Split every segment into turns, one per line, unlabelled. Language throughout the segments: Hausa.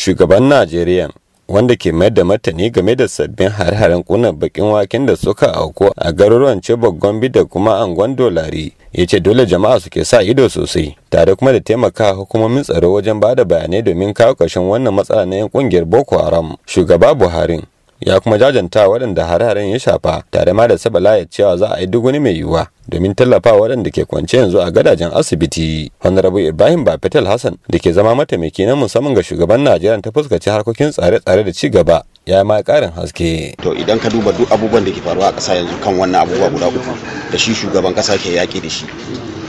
shugaban najeriya wanda ke mayar da martani game da sabbin har-haren kunan bakin waken da suka auku a garuruwan Chibok Gombe da kuma Angon Dolari ya ce dole jama'a suke sa ido sosai tare kuma da taimaka hukumomin tsaro wajen bada bayanai domin kawo ƙarshen wannan matsala na 'yan kungiyar Boko Haram shugaba Buhari ya kuma jajanta waɗanda hare-haren ya shafa tare ma da ya cewa za a yi duk wani mai yiwuwa domin tallafa waɗanda ke kwance yanzu a gadajen asibiti honorable ibrahim bafetel hassan da ke zama mataimaki na musamman ga shugaban najeriya ta fuskaci harkokin tsare-tsare da ci gaba ya ma karin haske to idan ka duba duk abubuwan da ke faruwa a ƙasa yanzu kan wannan abubuwa guda uku da shi shugaban ƙasa ke yaƙi da shi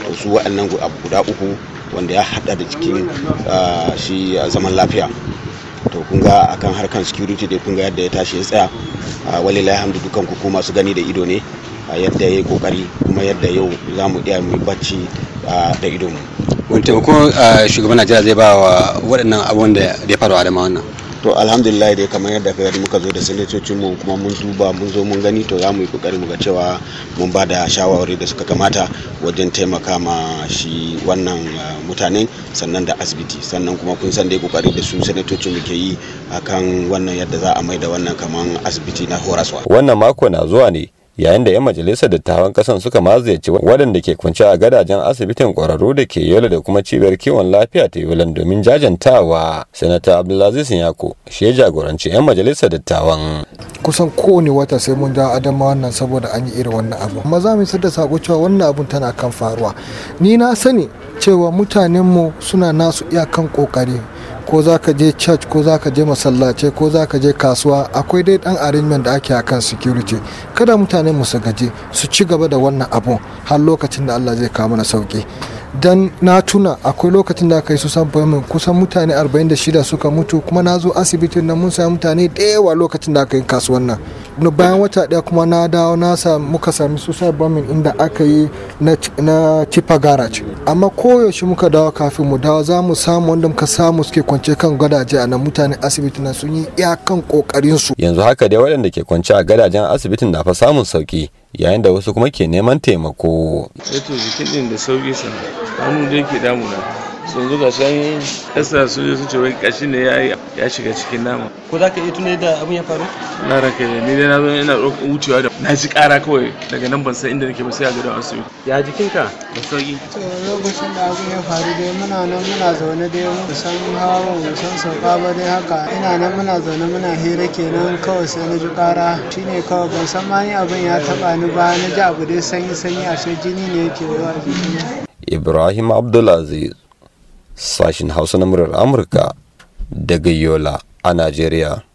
to
su waɗannan guda uku wanda ya haɗa da cikin ah, shi ah, zaman lafiya to kun ga akan harkan security dai kun ga yadda ya tashi ya tsaya ah, walilai hamdu dukan ku masu gani da ido ne a ah, yadda ya yi kokari kuma yadda yau za mu iya mu bacci ah, da ido mu. wani taimako shugaban najeriya zai ba wa waɗannan abubuwan da ya faru a dama wannan to alhamdulillah dai kamar yadda ka muka zo da sanatocin mu kuma mun duba mun zo mun gani to za mu yi kokari mu ga cewa mun ba da shawarwari da suka kamata wajen taimaka ma shi wannan eh, mutane sannan da asibiti sannan kuma kun san dai kokari da su sanatocin mu ke yi akan wannan yadda za a mai da wannan kamar asibiti na horaswa
wannan mako na zuwa ne yayin da 'yan majalisar dattawan kasan suka mazayaci waɗanda ke kwance a gadajen asibitin ƙwararru da ke yola da kuma cibiyar kiwon lafiya ta yolan domin jajantawa sanata abdulaziz yako shi ya jagoranci 'yan majalisar dattawan
kusan kowane wata sai mun ja adama wannan saboda an yi irin wannan abu amma za mu da sako cewa wannan abun tana kan faruwa ni na sani cewa mutanenmu suna nasu iyakan kokari ko za ka je church ko za ka je masallace ko za ka je kasuwa akwai dai dan arrangement da ake akan security kada mutane mu sagaji su ci gaba da wannan abun har lokacin da Allah zai kawo mana sauki dan na tuna akwai lokacin da aka yi su samfamin kusan mutane 46 suka mutu kuma na zo asibitin na mun sami mutane da lokacin da aka yi kasuwan nan bayan wata daya kuma na dawo na muka sami su samfamin inda aka yi na tipa garage amma koyaushe muka dawo kafin mu dawo za mu samu wanda muka samu suke kwance kan gadaje a nan mutane asibitin na sun yi
iyakan kokarin su yanzu haka dai waɗanda ke kwance a gadajen asibitin na fa samun sauki yayin da wasu kuma ke neman taimako.
Eto eh jikin ɗin da sauƙi sana, hannu da yake damuna. sun zuga san yasa sun je sun ce wai kashi ne ya shiga cikin nama
ko za ka iya tunai da abin ya faru
na raka ne ni dai na zo ina wucewa da na ji ƙara kawai daga nan ban san inda nake ba sai a a asibiti ya jikinka da sauki to lokacin da abin ya faru dai muna nan muna zaune dai mun san hawa mun san sauka ba dai haka ina nan muna zaune muna hira kenan kawai sai na ji ƙara shine kawai ban san ma ni abin ya taba ni ba na ji abu dai sanyi sanyi ashe jini ne yake zuwa jikina
Ibrahim Abdulaziz sashin hausa na murar amurka daga yola a najeriya